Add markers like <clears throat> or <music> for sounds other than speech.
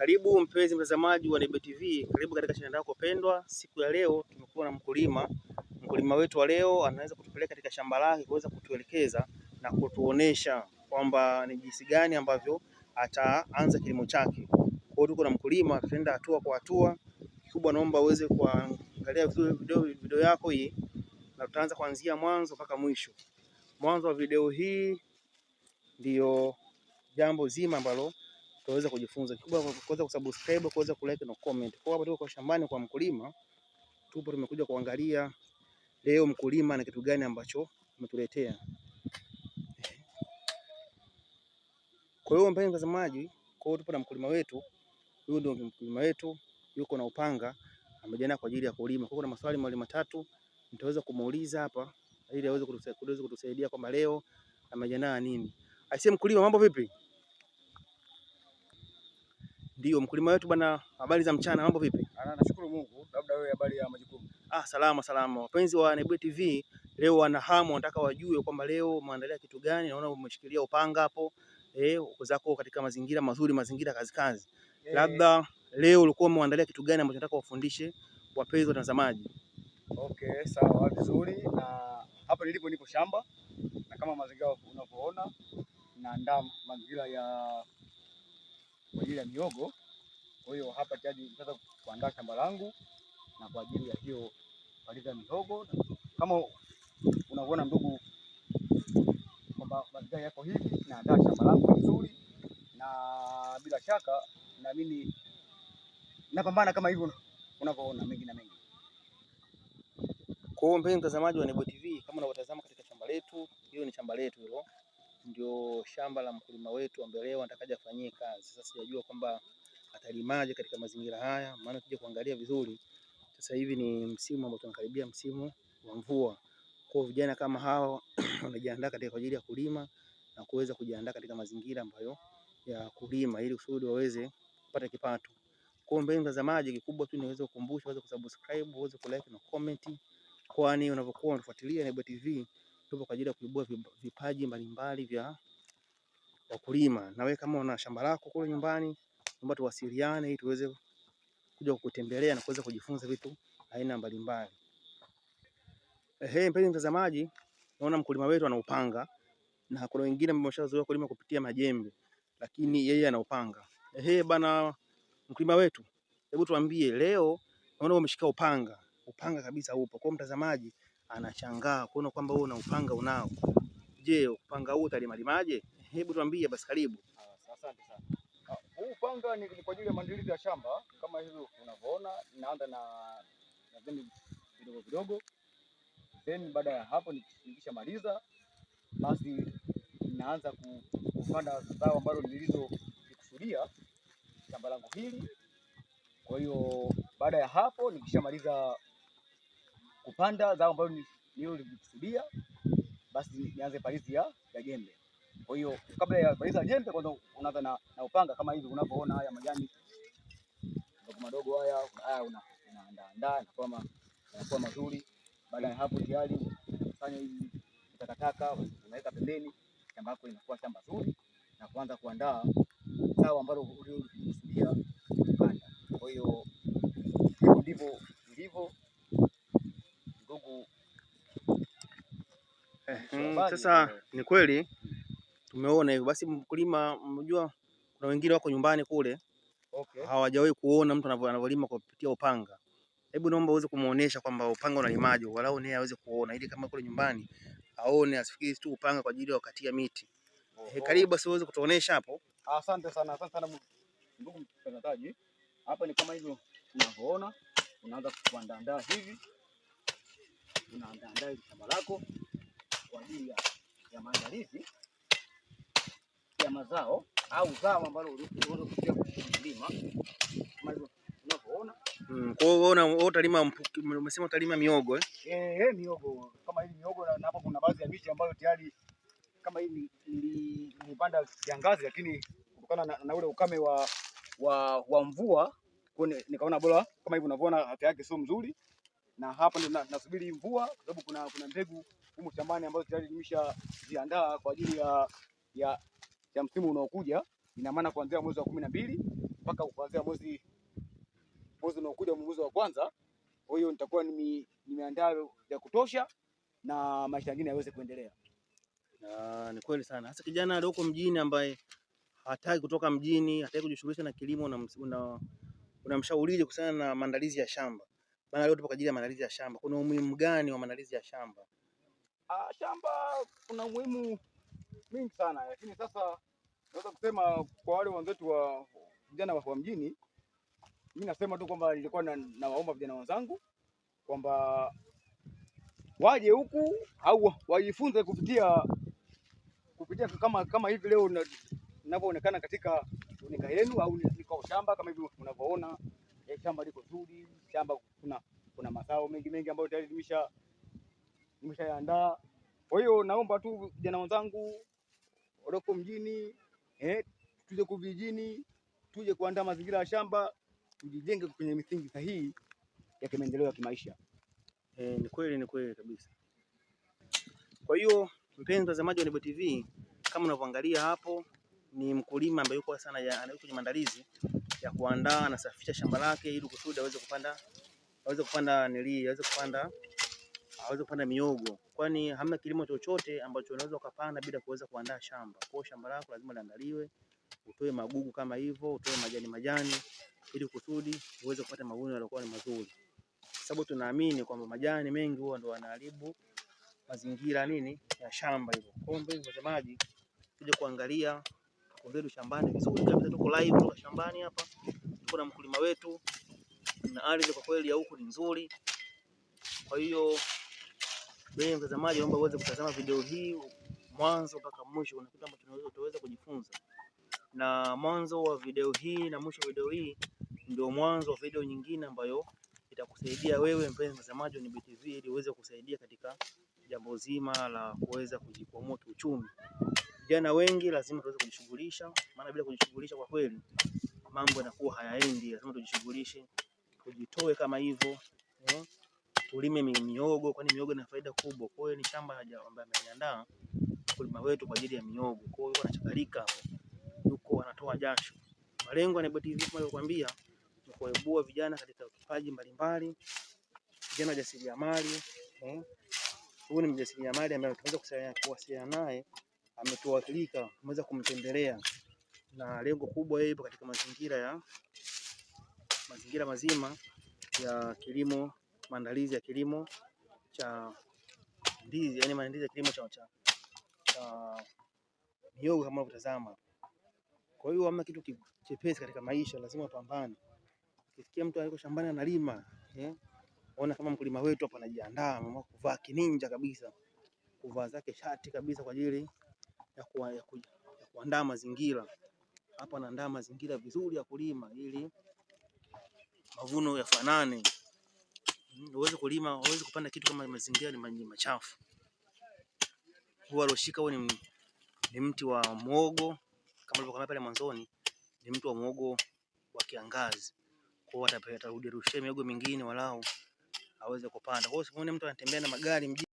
Karibu mpenzi mtazamaji wa Nebuye TV, karibu katika shamba lako pendwa. Siku ya leo tumekuwa na mkulima, mkulima wetu wa leo anaweza kutupeleka katika shamba lake kuweza kutuelekeza na kutuonesha kwamba ni jinsi gani ambavyo ataanza kilimo chake. Kwa hiyo tuko na mkulima, tutaenda hatua kwa hatua. Kikubwa naomba uweze kuangalia video, video yako hii na tutaanza kuanzia mwanzo mpaka mwisho. Mwanzo wa video hii ndiyo jambo zima ambalo tutaweza kujifunza kikubwa, kuweza kusubscribe, kuweza kulike na comment. Kwa hapa tuko kwa shambani kwa mkulima, tupo tumekuja kuangalia leo mkulima na kitu gani ambacho umetuletea. Kwa hiyo mpenzi mtazamaji, kwa hiyo tupo na mkulima wetu, huyu ndio mkulima wetu, yuko na upanga amejana kwa ajili ya kulima. Kwa hiyo kuna maswali mawili matatu nitaweza kumuuliza hapa ili aweze kutusaidia kwamba leo amejana nini. Aisee mkulima, mambo vipi? Ndio mkulima wetu bwana, habari za mchana, mambo vipi? Ah, nashukuru Mungu, labda wewe habari ya majukumu? Ah, salama salama. Wapenzi wa Nebuye TV leo wana hamu, wanataka wajue kwamba leo umeandalia kitu gani? Naona umeshikilia upanga hapo eh, uko zako katika mazingira mazuri, mazingira kazi kazi. Hey. Eh. Labda leo ulikuwa umeandalia kitu gani ambacho nataka wafundishe wapenzi watazamaji? Okay, sawa vizuri. Na hapa nilipo niko shamba na kama mazingira unavyoona, naandaa mazingira ya kwa ajili ya miogo. Kwa hiyo hapa tayari nimeweza kuandaa shamba langu na kwa ajili ya hiyo paliza mihogo. Kama unavyoona ndugu, kwamba mazingira yako hivi, naandaa shamba langu vizuri, na bila shaka mimi napambana kama hivyo unavyoona mengi na mengi. Kwa hiyo mpenzi mtazamaji wa Nebuye TV, kama shamba la mkulima wetu ambaye leo atakaja afanyie kazi. Sasa sijajua kwamba atalimaje katika mazingira haya, maana tuje kuangalia vizuri. Sasa hivi ni msimu ambao tunakaribia msimu wa mvua, kwa vijana kama hao <clears throat> wanajiandaa katika kwa ajili ya kulima na kuweza kujiandaa katika mazingira ambayo ya kulima, ili kusudi waweze kupata kipato. Kwa hiyo mtazamaji, kikubwa tu niweze kukumbusha waweze kusubscribe, uweze kulike na comment, kwani unapokuwa unafuatilia Nebuye TV tupo kwa ajili ya kuibua vipaji mbalimbali vya wakulima, Na wewe kama una shamba lako kule nyumbani, naomba tuwasiliane ili tuweze kuja kukutembelea na kuweza kujifunza vitu aina mbalimbali. Ehe, mpenzi mtazamaji, naona mkulima wetu ana upanga na kuna wengine ambao wameshazoea kulima kupitia majembe, lakini yeye ana upanga. Ehe, bana mkulima wetu, hebu tuambie leo, naona umeshika upanga, upanga kabisa upo. Kwa mtazamaji anashangaa kuona kwamba wewe una upanga unao. Je, upanga huu utalimalimaje? hebu tuambie basi, karibu. Ah, asante sana. Ah, huu panga ni kwa ajili ya maandalizi ya shamba kama hivyo unavyoona, inaanza na vipande vidogo vidogo, then baada ya hapo maliza basi naanza kupanda zao ambalo nilizolikusudia shamba langu hili. Kwa hiyo baada ya hapo nikishamaliza kupanda zao ambalo nililolikusudia, basi nianze palizi ya jembe. Kwa hiyo kabla ya kumaliza jembe, kwanza unaanza na, na upanga kama hivi unavyoona, haya majani madogo madogo haya haya unaandaandaa yanakuwa mazuri. Baada ya hapo, tayari unakusanya hizi takataka unaweka pembeni, shamba lako linakuwa shamba zuri na kuanza kuandaa zao ambalo ulikusudia kupanda. Kwa hiyo hivyo ndivyo ilivyo ndugu. Eh, mm, sasa ni kweli tumeona hivyo. Basi mkulima, mnajua kuna wengine wako nyumbani kule okay, hawajawahi kuona mtu anavyolima kwa kupitia upanga. Hebu naomba uweze kumuonesha kwamba upanga unalimaje, walau naye aweze kuona, ili kama kule nyumbani aone, asifikiri tu upanga kwa ajili ya kukatia miti. He, eh, karibu basi uweze kutuonesha hapo. Asante sana, asante sana ndugu mtazamaji. Hapa ni kama hivyo unavyoona, unaanza kuandaa hivi, unaandaa shamba lako kwa ajili ya maandalizi ya mazao au zao ambalo unakusudia kulima kama hivyo unavyoona. Mm, kwa hiyo wewe utalima, umesema utalima miogo eh? Eh, eh, miogo kama hii miogo na hapo kuna baadhi ya miti ambayo tayari kama hii nilipanda kiangazi, lakini kutokana na, na ule ukame wa, wa, wa mvua nikaona bora kama hivi unavyoona afya yake sio mzuri, na hapa ndio nasubiri na mvua, kwa sababu kuna, kuna mbegu humu shambani ambazo tayari nimeshaziandaa kwa ajili ya, ya ya msimu unaokuja, ina maana kuanzia mwezi wa kumi na mbili mpaka kuanzia mwezi mwezi unaokuja mwezi wa kwanza. Kwa hiyo nitakuwa nimeandaa ya kutosha na maisha mengine yaweze kuendelea. Na ah, ni kweli sana, hasa kijana aliyoko mjini ambaye hataki kutoka mjini, hataki kujishughulisha na kilimo, na unamshaurije kuhusiana na maandalizi ya shamba? Maana leo tupo kwa ajili ya maandalizi ya shamba. Kuna umuhimu gani wa maandalizi ya shamba? Ah, shamba kuna umuhimu mingi sana, lakini sasa naweza kusema kwa wale wenzetu wa vijana wa mjini, mimi nasema tu kwamba nilikuwa nawaomba na vijana wenzangu kwamba waje huku au wajifunze kupitia kupitia kama kama hivi leo ninavyoonekana katika unika yenu au niko shamba kama hivi unavyoona, eh, shamba liko zuri, shamba kuna kuna mazao mengi mengi ambayo tayari nimesha nimeshaandaa. Kwa hiyo naomba tu vijana wenzangu walioko mjini eh, tuje ku vijijini, tuje kuandaa mazingira ya shamba, tujijenge kwenye misingi sahihi ya kimaendeleo ya kimaisha. Eh, ni kweli, ni kweli kabisa. Kwa hiyo mpenzi mtazamaji wa Nebuye TV, kama unavyoangalia hapo, ni mkulima ambaye yuko sana anayuko kwenye maandalizi ya kuandaa, anasafisha shamba lake ili kusudi aweze kupanda aweze kupanda nili aweze kupanda aweze kupanda miogo, kwani hamna kilimo chochote ambacho unaweza ukapanda bila kuweza kuandaa shamba. Kwa shamba lako lazima liandaliwe, utoe magugu kama hivyo, utoe majani majani, ili kusudi uweze kupata mavuno yaliyokuwa ni mazuri, sababu tunaamini kwamba majani mengi huwa ndio yanaharibu mazingira nini ya shamba hilo. Kwa hiyo mtazamaji, tuje kuangalia kondetu shambani vizuri kabisa. Tuko live kutoka shambani hapa, tuko na mkulima wetu na ardhi kwa kweli ya huku ni nzuri, kwa hiyo mimi mtazamaji, naomba uweze kutazama video hii mwanzo mpaka mwisho. Kuna kitu ambacho utaweza kujifunza, na mwanzo wa video hii na mwisho wa video hii ndio mwanzo wa video nyingine ambayo itakusaidia wewe mpenzi mtazamaji wa Nebuye TV, ili uweze kusaidia katika jambo zima la kuweza kujikwamua kiuchumi. Vijana wengi lazima tuweze kujishughulisha, maana bila kujishughulisha, kwa kweli mambo yanakuwa hayaendi. Lazima tujishughulishe, tujitoe kama hivyo eh? tulime miogo, kwani miogo ina faida kubwa. Kwa hiyo ni shamba ambaye ameandaa mkulima wetu kwa ajili ya miogo. Kwa hiyo anachakalika yuko anatoa jasho. Malengo ya Nebuye TV kama nilivyokuambia ni kuwaibua vijana katika kipaji mbalimbali, vijana wajasiriamali. Eh. Huyu ni mjasiriamali ambaye tunaweza kuwasiliana naye, ametuwakilika tumeweza kumtembelea, na lengo kubwa yeye ipo katika mazingira ya mazingira mazima ya kilimo maandalizi ya kilimo cha ndizi, yani maandalizi ya kilimo cha cha, cha mihogo kama unavyotazama. Kwa hiyo ama kitu chepesi katika maisha, lazima upambane. Ukisikia mtu aliko shambani analima, eh? Ona kama mkulima wetu hapa anajiandaa, ameamua kuvaa kininja kabisa, kuvaa zake shati kabisa kwa ajili ya, kuwa, ya, ku, ya kuandaa mazingira hapa, anaandaa mazingira vizuri ya kulima ili mavuno yafanane uweze kulima, uweze kupanda kitu kama mazingira ni machafu. Huwa aloshika huo ni, ni mti wa mwogo kama nilivyokuambia pale mwanzoni, ni mti wa mwogo wa kiangazi. Kwa hiyo atarudi rushe miogo mingine walau aweze kupanda. Kwa hiyo usione mtu anatembea na magari mjini.